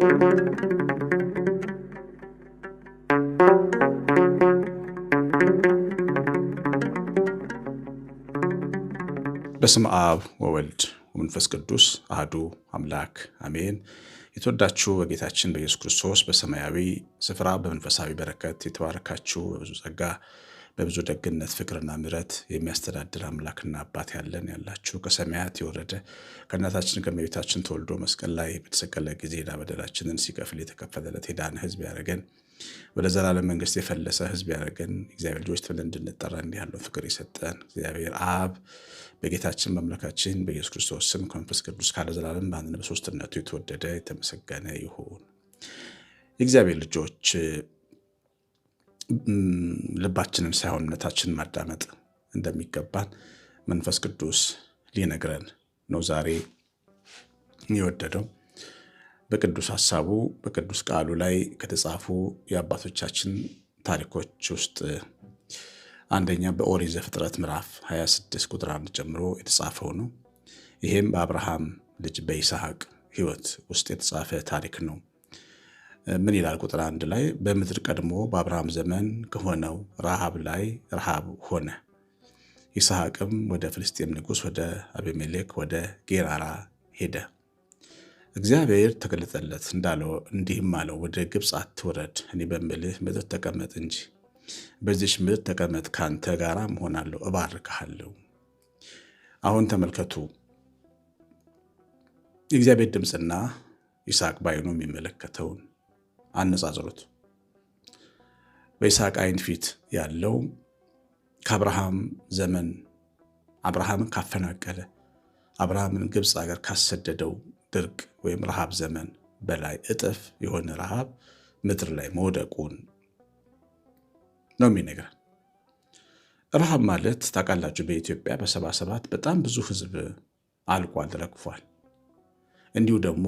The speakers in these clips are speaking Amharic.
በስም አብ ወወልድ ወመንፈስ ቅዱስ አህዱ አምላክ አሜን። የተወዳችሁ በጌታችን በኢየሱስ ክርስቶስ በሰማያዊ ስፍራ በመንፈሳዊ በረከት የተባረካችሁ በብዙ ጸጋ በብዙ ደግነት ፍቅርና ምሕረት የሚያስተዳድር አምላክና አባት ያለን ያላችሁ ከሰማያት የወረደ ከእናታችን ከእመቤታችን ተወልዶ መስቀል ላይ በተሰቀለ ጊዜ ዕዳ በደላችንን ሲከፍል የተከፈለለት የዳነ ሕዝብ ያደረገን ወደ ዘላለም መንግስት የፈለሰ ሕዝብ ያደረገን እግዚአብሔር ልጆች ተብለን እንድንጠራ እንዲህ ያለው ፍቅር የሰጠን እግዚአብሔር አብ በጌታችን በአምላካችን በኢየሱስ ክርስቶስ ስም ከመንፈስ ቅዱስ ካለ ዘላለም በአንድነት በሦስትነቱ የተወደደ የተመሰገነ ይሁን። የእግዚአብሔር ልጆች ልባችንን ሳይሆን እምነታችንን ማዳመጥ እንደሚገባን መንፈስ ቅዱስ ሊነግረን ነው ዛሬ የወደደው። በቅዱስ ሀሳቡ በቅዱስ ቃሉ ላይ ከተጻፉ የአባቶቻችን ታሪኮች ውስጥ አንደኛ በኦሪት ዘፍጥረት ምዕራፍ 26 ቁጥር አንድ ጀምሮ የተጻፈው ነው። ይህም በአብርሃም ልጅ በይስሐቅ ሕይወት ውስጥ የተጻፈ ታሪክ ነው። ምን ይላል? ቁጥር አንድ ላይ በምድር ቀድሞ በአብርሃም ዘመን ከሆነው ረሃብ ላይ ረሃብ ሆነ። ይስሐቅም ወደ ፍልስጤም ንጉሥ ወደ አቤሜሌክ ወደ ጌራራ ሄደ። እግዚአብሔር ተገለጠለት እንዳለው እንዲህም አለው፣ ወደ ግብፅ አትውረድ፣ እኔ በምልህ ምድር ተቀመጥ እንጂ በዚች ምድር ተቀመጥ፣ ከአንተ ጋር መሆናለሁ፣ እባርክሃለሁ። አሁን ተመልከቱ የእግዚአብሔር ድምፅና ይስሐቅ በዓይኑ የሚመለከተውን አነጻጽሩት። በይስሐቅ አይን ፊት ያለው ከአብርሃም ዘመን አብርሃምን ካፈናቀለ አብርሃምን ግብፅ ሀገር ካሰደደው ድርቅ ወይም ረሃብ ዘመን በላይ እጥፍ የሆነ ረሃብ ምድር ላይ መውደቁን ነው የሚነግረን። ረሃብ ማለት ታውቃላችሁ፣ በኢትዮጵያ በሰባ ሰባት በጣም ብዙ ህዝብ አልቋል፣ ረግፏል። እንዲሁ ደግሞ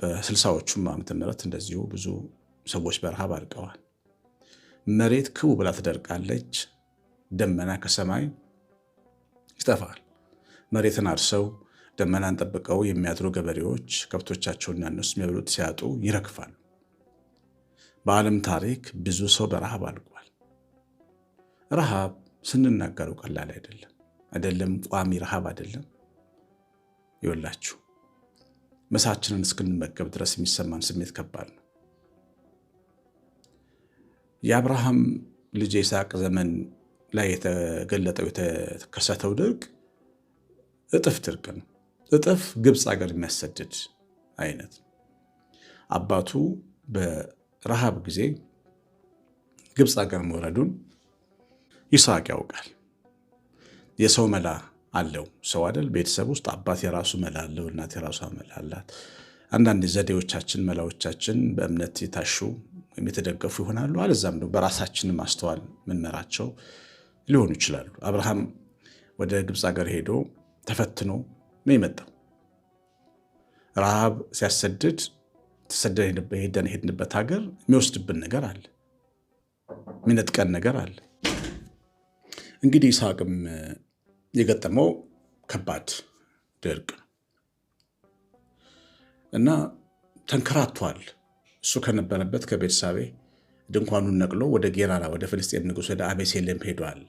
በስልሳዎቹም ዓመተ ምህረት እንደዚሁ ብዙ ሰዎች በረሃብ አልቀዋል። መሬት ክው ብላ ትደርቃለች። ደመና ከሰማይ ይጠፋል። መሬትን አርሰው ደመናን ጠብቀው የሚያድሩ ገበሬዎች ከብቶቻቸውን ያነሱ የሚያብሉት ሲያጡ ይረግፋሉ። በዓለም ታሪክ ብዙ ሰው በረሃብ አልቋል። ረሃብ ስንናገረው ቀላል አይደለም፣ አይደለም ቋሚ ረሃብ አይደለም። ይወላችሁ መሳችንን እስክንመገብ ድረስ የሚሰማን ስሜት ከባድ ነው። የአብርሃም ልጅ የይስሐቅ ዘመን ላይ የተገለጠው የተከሰተው ድርቅ እጥፍ ድርቅ ነው። እጥፍ ግብፅ ሀገር የሚያሰድድ አይነት አባቱ በረሃብ ጊዜ ግብፅ ሀገር መውረዱን ይስሐቅ ያውቃል። የሰው መላ አለው ሰው አይደል? ቤተሰብ ውስጥ አባት የራሱ መላ አለው፣ እናት የራሷ መላ አላት። አንዳንድ ዘዴዎቻችን መላዎቻችን በእምነት የታሹ ወይም የተደገፉ ይሆናሉ። አለዛም ደግሞ በራሳችን ማስተዋል ምንመራቸው ሊሆኑ ይችላሉ። አብርሃም ወደ ግብፅ ሀገር ሄዶ ተፈትኖ ነው የመጣው። ረሃብ ሲያሰድድ ተሰደን ሄደን ሄድንበት ሀገር የሚወስድብን ነገር አለ፣ የሚነጥቀን ነገር አለ። እንግዲህ ይስሐቅም የገጠመው ከባድ ድርቅ እና ተንከራቷል። እሱ ከነበረበት ከቤርሳቤ ድንኳኑን ነቅሎ ወደ ጌራራ ወደ ፍልስጤን ንጉስ ወደ አቤሴሌም ሄዷል።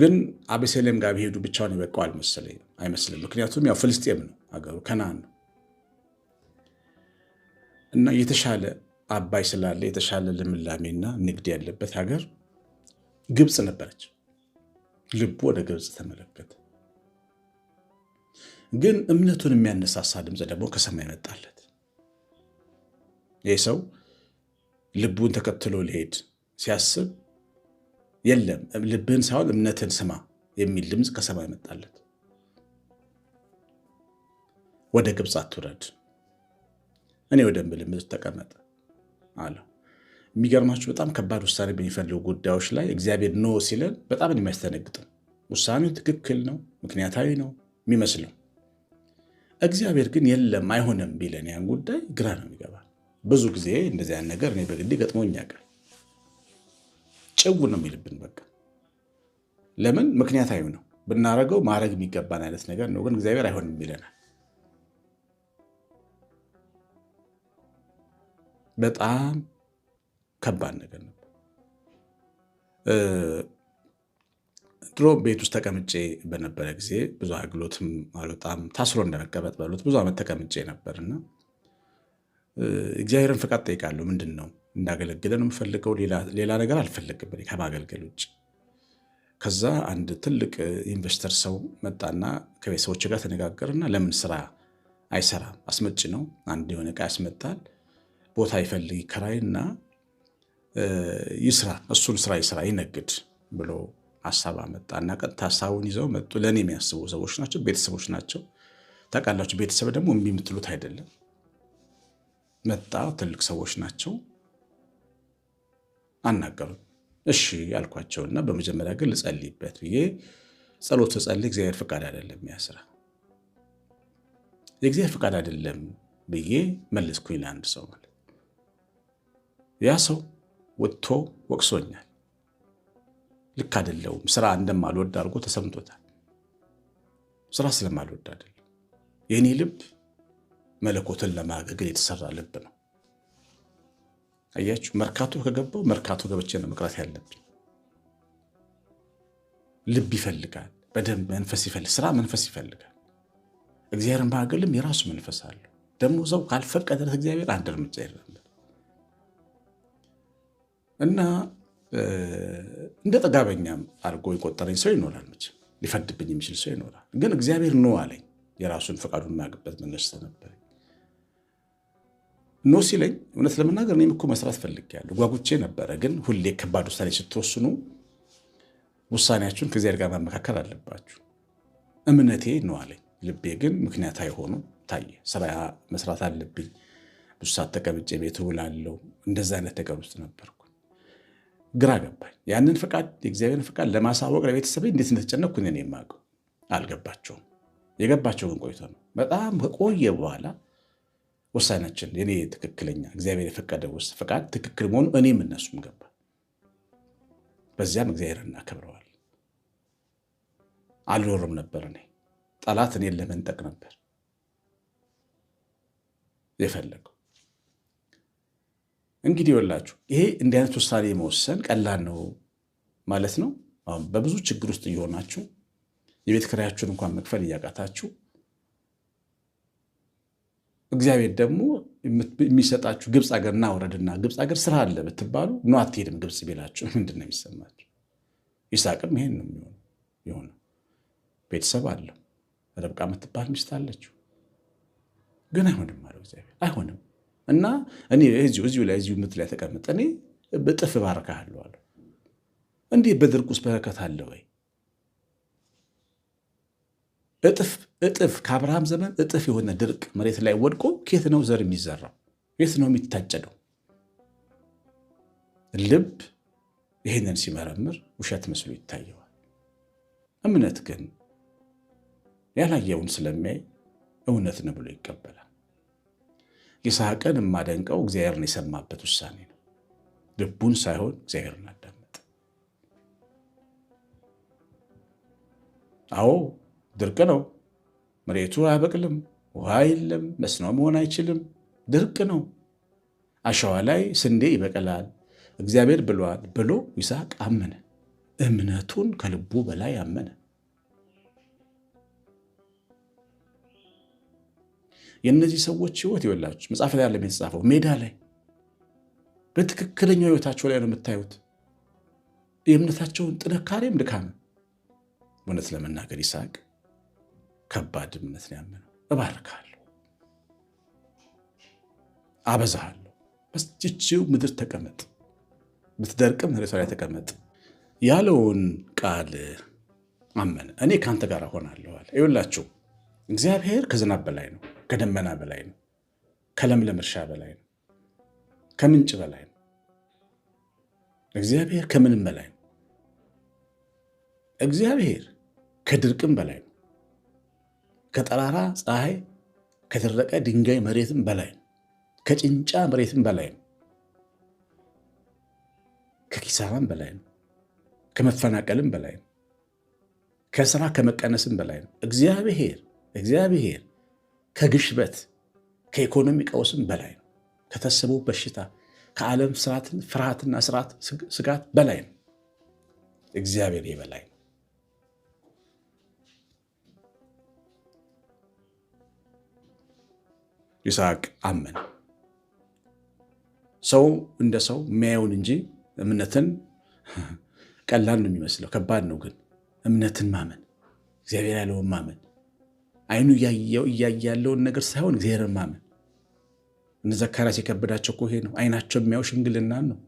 ግን አቤሴሌም ጋር ቢሄዱ ብቻውን የበቃው አልመሰለኝ አይመስልም። ምክንያቱም ያው ፍልስጤም ነው አገሩ ከናን ነው እና የተሻለ አባይ ስላለ የተሻለ ልምላሜና ንግድ ያለበት ሀገር ግብፅ ነበረች። ልቡ ወደ ግብፅ ተመለከተ። ግን እምነቱን የሚያነሳሳ ድምፅ ደግሞ ከሰማይ መጣለት። ይህ ሰው ልቡን ተከትሎ ሊሄድ ሲያስብ የለም ልብህን ሳይሆን እምነትን ስማ የሚል ድምፅ ከሰማይ መጣለት። ወደ ግብፅ አትውረድ፣ እኔ ወደምል ምድር ተቀመጠ አለው። የሚገርማችሁ በጣም ከባድ ውሳኔ በሚፈልጉ ጉዳዮች ላይ እግዚአብሔር ኖ ሲለን በጣም የሚያስተነግጥም ውሳኔው ትክክል ነው፣ ምክንያታዊ ነው የሚመስለው እግዚአብሔር ግን የለም አይሆንም ቢለን ያን ጉዳይ ግራ ነው የሚገባ። ብዙ ጊዜ እንደዚህ ያን ነገር እኔ በግሌ ገጥሞኝ ያውቃል። ጭው ነው የሚልብን በቃ ለምን ምክንያታዊ ነው ብናረገው ማድረግ የሚገባን አይነት ነገር ነው፣ ግን እግዚአብሔር አይሆንም ይለናል። በጣም ከባድ ነገር ነው። ድሮ ቤት ውስጥ ተቀምጬ በነበረ ጊዜ ብዙ አገልግሎትም አልወጣም፣ ታስሮ እንደመቀመጥ በሉት ብዙ ዓመት ተቀምጬ ነበርና እግዚአብሔርን ፍቃድ ጠይቃለሁ። ምንድን ነው እንዳገለግለ ነው የምፈልገው፣ ሌላ ነገር አልፈልግም ከማገልገል ውጭ። ከዛ አንድ ትልቅ ኢንቨስተር ሰው መጣና ከቤተሰቦች ጋር ተነጋገርና ለምን ስራ አይሰራም? አስመጭ ነው። አንድ የሆነ ዕቃ ያስመጣል፣ ቦታ ይፈልግ ይከራይና ይስራ፣ እሱን ስራ ይስራ፣ ይነግድ ብሎ ሀሳብ አመጣ እና ቀጥታ ሀሳቡን ይዘው መጡ። ለእኔ የሚያስቡ ሰዎች ናቸው፣ ቤተሰቦች ናቸው። ታውቃላችሁ፣ ቤተሰብ ደግሞ የሚምትሉት አይደለም። መጣ። ትልቅ ሰዎች ናቸው። አናገሩ። እሺ አልኳቸውና በመጀመሪያ ግን ልጸልይበት ብዬ ጸሎት ተጸልይ። እግዚአብሔር ፍቃድ አይደለም ያስራ የእግዚአብሔር ፍቃድ አይደለም ብዬ መለስኩኝ። ለአንድ ሰው ማለት ያ ሰው ወጥቶ ወቅሶኛል። ልክ አደለውም ስራ እንደማልወድ አድርጎ ተሰምቶታል። ስራ ስለማልወድ አይደለም። የእኔ ልብ መለኮትን ለማገልገል የተሰራ ልብ ነው። አያችሁ፣ መርካቶ ከገባው መርካቶ ገብቼ ነው መቅረት ያለብኝ። ልብ ይፈልጋል፣ በደንብ መንፈስ ይፈልጋል፣ ስራ መንፈስ ይፈልጋል። እግዚአብሔርን ማገልም የራሱ መንፈስ አለ። ደግሞ ሰው ካልፈቀደ እግዚአብሔር አንድ እርምጃ ይራመዳል እና እንደ ጠጋበኛም አድርጎ የቆጠረኝ ሰው ይኖራል። መቼም ሊፈድብኝ የሚችል ሰው ይኖራል። ግን እግዚአብሔር ኖ አለኝ። የራሱን ፈቃዱን ማግበት መነሽ ነበር። ኖ ሲለኝ እውነት ለመናገር እኔም እኮ መስራት ፈልጌያለሁ፣ ጓጉቼ ነበረ። ግን ሁሌ ከባድ ውሳኔ ስትወስኑ ውሳኔያችሁን ከእግዚአብሔር ጋር ማመካከል አለባችሁ። እምነቴ ነው አለኝ። ልቤ ግን ምክንያታዊ ሆኖ ታየ። ስራ መስራት አለብኝ፣ ብዙ ሰዓት ተቀምጬ ቤት ውላለሁ። እንደዛ አይነት ነገር ውስጥ ነበርኩ። ግራ ገባኝ። ያንን ፈቃድ የእግዚአብሔር ፈቃድ ለማሳወቅ ለቤተሰብ እንዴት እንደተጨነቅኩ እኔ የማውቀው አልገባቸውም። የገባቸው ግን ቆይቶ ነው። በጣም ከቆየ በኋላ ውሳኔያችን የኔ ትክክለኛ እግዚአብሔር የፈቀደ ውስጥ ፈቃድ ትክክል መሆኑ እኔም እነሱም ገባ። በዚያም እግዚአብሔር እናከብረዋል። አልኖርም ነበር እኔ ጠላት እኔን ለመንጠቅ ነበር የፈለገው። እንግዲህ ወላችሁ ይሄ እንዲህ አይነት ውሳኔ መወሰን ቀላል ነው ማለት ነው። በብዙ ችግር ውስጥ እየሆናችሁ የቤት ክራያችሁን እንኳን መክፈል እያቃታችሁ እግዚአብሔር ደግሞ የሚሰጣችሁ ግብፅ ሀገር ና ውረድና ግብፅ ሀገር ስራ አለ ብትባሉ ኖ አትሄድም ግብፅ ቢላችሁ ምንድን ነው የሚሰማችሁ? ይስሐቅም ይሄን ነው የሚሆነው። የሆነ ቤተሰብ አለው ርብቃ የምትባል ሚስት አለችው። ግን አይሆንም አለው እግዚአብሔር አይሆንም እና እኔ እዚሁ እዚሁ ላይ እዚሁ ምት ላይ ተቀምጥ እኔ በጥፍ ባርካለሁ አለ። እንዲህ በድርቅ ውስጥ በረከት አለ ወይ? እጥፍ እጥፍ ከአብርሃም ዘመን እጥፍ የሆነ ድርቅ መሬት ላይ ወድቆ ኬት ነው ዘር የሚዘራው? ኬት ነው የሚታጨደው? ልብ ይህንን ሲመረምር ውሸት መስሎ ይታየዋል። እምነት ግን ያላየውን ስለሚያይ እውነት ነው ብሎ ይቀበላል። ይስሐቅን የማደንቀው እግዚአብሔርን የሰማበት ውሳኔ ነው። ልቡን ሳይሆን እግዚአብሔርን አዳመጠ። አዎ ድርቅ ነው። መሬቱ አያበቅልም፣ ውሃ የለም፣ መስኖ መሆን አይችልም። ድርቅ ነው። አሸዋ ላይ ስንዴ ይበቅላል እግዚአብሔር ብሏል ብሎ ይስሐቅ አመነ። እምነቱን ከልቡ በላይ አመነ። የእነዚህ ሰዎች ህይወት ይወላችሁ መጽሐፍ ላይ ያለ የተጻፈው ሜዳ ላይ በትክክለኛው ህይወታቸው ላይ ነው የምታዩት። የእምነታቸውን ጥንካሬም ድካም እውነት ለመናገር ይስሐቅ ከባድ እምነት ነው ያመነው። እባርካለሁ፣ አበዛሃለሁ፣ በስችው ምድር ተቀመጥ፣ ብትደርቅም ሬሳ ላይ ተቀመጥ ያለውን ቃል አመነ። እኔ ከአንተ ጋር ሆናለሁ አለ። ይኸውላችሁ እግዚአብሔር ከዝናብ በላይ ነው። ከደመና በላይ ነው። ከለምለም እርሻ በላይ ነው። ከምንጭ በላይ ነው። እግዚአብሔር ከምንም በላይ ነው። እግዚአብሔር ከድርቅም በላይ ነው። ከጠራራ ፀሐይ፣ ከደረቀ ድንጋይ መሬትም በላይ ነው። ከጭንጫ መሬትም በላይ ነው። ከኪሳራም በላይ ነው። ከመፈናቀልም በላይ ነው። ከስራ ከመቀነስም በላይ ነው። እግዚአብሔር እግዚአብሔር ከግሽበት ከኢኮኖሚ ቀውስም በላይ ነው። ከተሰቡ በሽታ ከዓለም ስርዓትን ፍርሃትና ስርዓት ስጋት በላይ ነው። እግዚአብሔር የበላይ ነው። ይስሐቅ አመን። ሰው እንደ ሰው የሚያየውን እንጂ እምነትን ቀላል ነው የሚመስለው፣ ከባድ ነው። ግን እምነትን ማመን እግዚአብሔር ያለውን ማመን አይኑ እያየ ያለውን ነገር ሳይሆን እግዚአብሔር ማመን እነ ዘካርያስ የከበዳቸው እኮ ይሄ ነው። አይናቸው የሚያው ሽንግልናን ነው።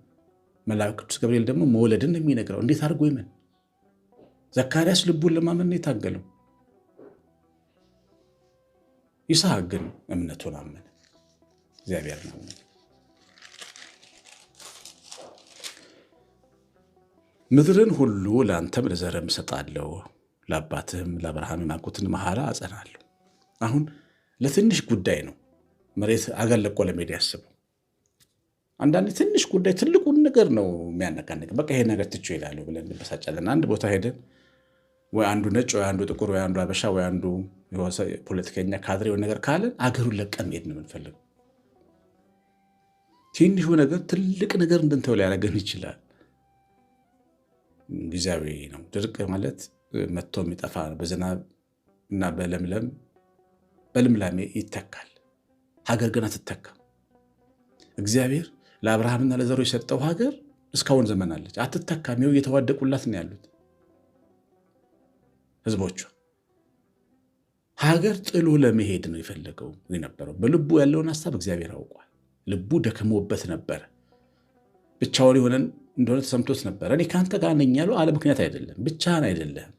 መልአክ ቅዱስ ገብርኤል ደግሞ መውለድን ነው የሚነግረው። እንዴት አድርጎ ይመን ዘካርያስ ልቡን ለማመን ነው የታገለው። ይስሐቅ ግን እምነቱን አመነ፣ እግዚአብሔር አመነ። ምድርን ሁሉ ለአንተም ለዘረም እሰጣለሁ ለአባትህም ለአብርሃም ናኩትን መሐላ አጸናለሁ። አሁን ለትንሽ ጉዳይ ነው መሬት አገር ለቆ ለመሄድ ያስበው። አንዳንድ ትንሽ ጉዳይ ትልቁን ነገር ነው የሚያነቃንቅ። በቃ ይሄ ነገር ትቼ ይላሉ ብለን እንበሳጫለን። አንድ ቦታ ሄደን ወይ አንዱ ነጭ ወይ አንዱ ጥቁር ወይ አንዱ አበሻ ወይ አንዱ ፖለቲከኛ ካድሬ ነገር ካለን አገሩን ለቀን መሄድ ነው የምንፈልገው። ትንሹ ነገር ትልቅ ነገር እንድንተው ሊያደርገን ይችላል። ጊዜያዊ ነው ድርቅ ማለት መጥቶ የሚጠፋ ነው በዝናብ እና በለምለም በልምላሜ ይተካል። ሀገር ግን አትተካም። እግዚአብሔር ለአብርሃምና ለዘሮ የሰጠው ሀገር እስካሁን ዘመን አለች፣ አትተካም። ይኸው እየተዋደቁላት ነው ያሉት ህዝቦቿ። ሀገር ጥሎ ለመሄድ ነው የፈለገው የነበረው። በልቡ ያለውን ሀሳብ እግዚአብሔር አውቋል። ልቡ ደክሞበት ነበረ። ብቻውን የሆነን እንደሆነ ተሰምቶት ነበረ። እኔ ከአንተ ጋር ነኝ ያለው አለ ምክንያት አይደለም፣ ብቻህን አይደለም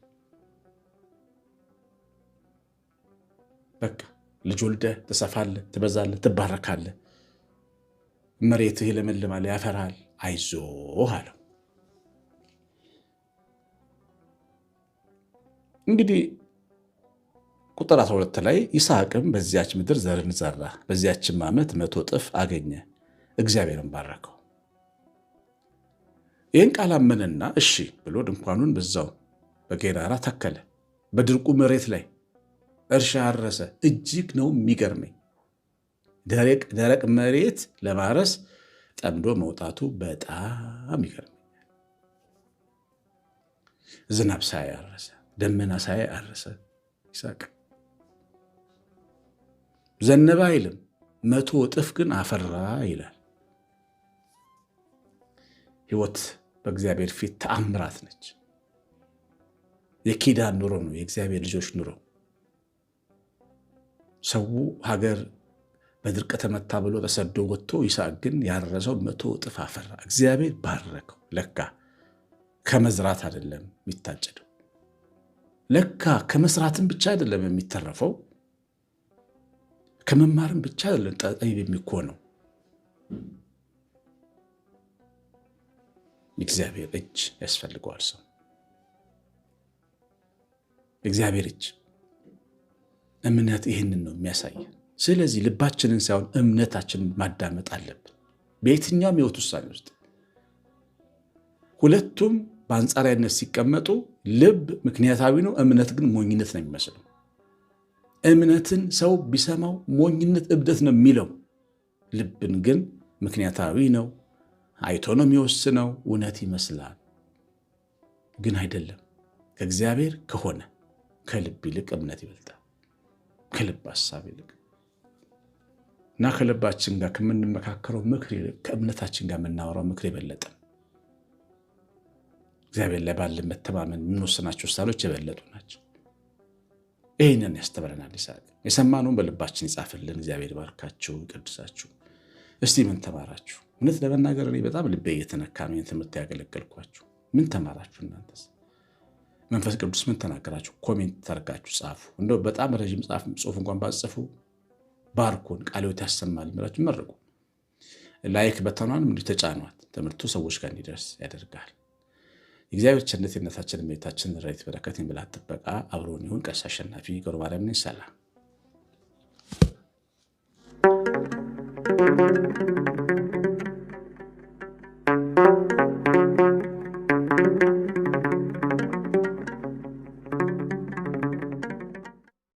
በቃ ልጅ ወልደህ ትሰፋለህ፣ ትበዛለህ፣ ትባረካለህ፣ መሬትህ ይለመልማል፣ ያፈራል፣ አይዞህ አለው። እንግዲህ ቁጥር 12 ላይ ይስሐቅም በዚያች ምድር ዘርን ዘራ፣ በዚያችም ዓመት መቶ እጥፍ አገኘ፣ እግዚአብሔርን ባረከው። ይህን ቃል አመነና እሺ ብሎ ድንኳኑን በዛው በጌራራ ተከለ፣ በድርቁ መሬት ላይ እርሻ አረሰ። እጅግ ነው የሚገርመኝ። ደረቅ መሬት ለማረስ ጠምዶ መውጣቱ በጣም ይገርመኛል። ዝናብ ሳይ አረሰ፣ ደመና ሳይ አረሰ። ይሳቅ ዘነበ አይልም፣ መቶ እጥፍ ግን አፈራ ይላል። ህይወት በእግዚአብሔር ፊት ተአምራት ነች። የኪዳን ኑሮ ነው የእግዚአብሔር ልጆች ኑሮ ሰው ሀገር በድርቅ ተመታ ብሎ ተሰዶ ወጥቶ ይስሐቅ ግን ያረሰው መቶ እጥፍ አፈራ። እግዚአብሔር ባረከው። ለካ ከመዝራት አይደለም የሚታጨደው፣ ለካ ከመስራትም ብቻ አይደለም የሚተረፈው፣ ከመማርም ብቻ አይደለም ጠይብ የሚኮነው። እግዚአብሔር እጅ ያስፈልገዋል ሰው እግዚአብሔር እጅ እምነት ይህንን ነው የሚያሳይ። ስለዚህ ልባችንን ሳይሆን እምነታችንን ማዳመጥ አለብን በየትኛውም ህይወት ውሳኔ ውስጥ ሁለቱም በአንጻራዊነት ሲቀመጡ ልብ ምክንያታዊ ነው፣ እምነት ግን ሞኝነት ነው የሚመስለው። እምነትን ሰው ቢሰማው ሞኝነት እብደት ነው የሚለው፣ ልብን ግን ምክንያታዊ ነው፣ አይቶ ነው የሚወስነው፣ እውነት ይመስላል፣ ግን አይደለም። ከእግዚአብሔር ከሆነ ከልብ ይልቅ እምነት ይበልጣል። ከልብ ሀሳብ ይልቅ እና ከልባችን ጋር ከምንመካከረው ምክር ይልቅ ከእምነታችን ጋር የምናወራው ምክር የበለጠ እግዚአብሔር ላይ ባለ መተማመን የምንወስናቸው ውሳኔዎች የበለጡ ናቸው። ይህንን ያስተምረናል ይስሐቅ። የሰማነውን በልባችን ይጻፍልን። እግዚአብሔር ባርካችሁ ይቀድሳችሁ። እስቲ ምን ተማራችሁ? እውነት ለመናገር እኔ በጣም ልቤ እየተነካ ነው ትምህርት ያገለገልኳችሁ። ምን ተማራችሁ እናንተስ? መንፈስ ቅዱስ ምን ተናገራችሁ? ኮሜንት ታርጋችሁ ጻፉ። እንደ በጣም ረዥም ጽሁፍ እንኳን ባጽፉ ባርኮን ቃልዎት ያሰማል ብላችሁ መርቁ። ላይክ በተኗንም እንዲሁ ተጫኗት። ትምህርቱ ሰዎች ጋር እንዲደርስ ያደርጋል። እግዚአብሔር ቸርነት የነታችን ቤታችን በረከት የሚላት ጥበቃ አብሮን ይሁን። ቀሲስ አሸናፊ ገብረ ማርያም ነኝ። ሰላም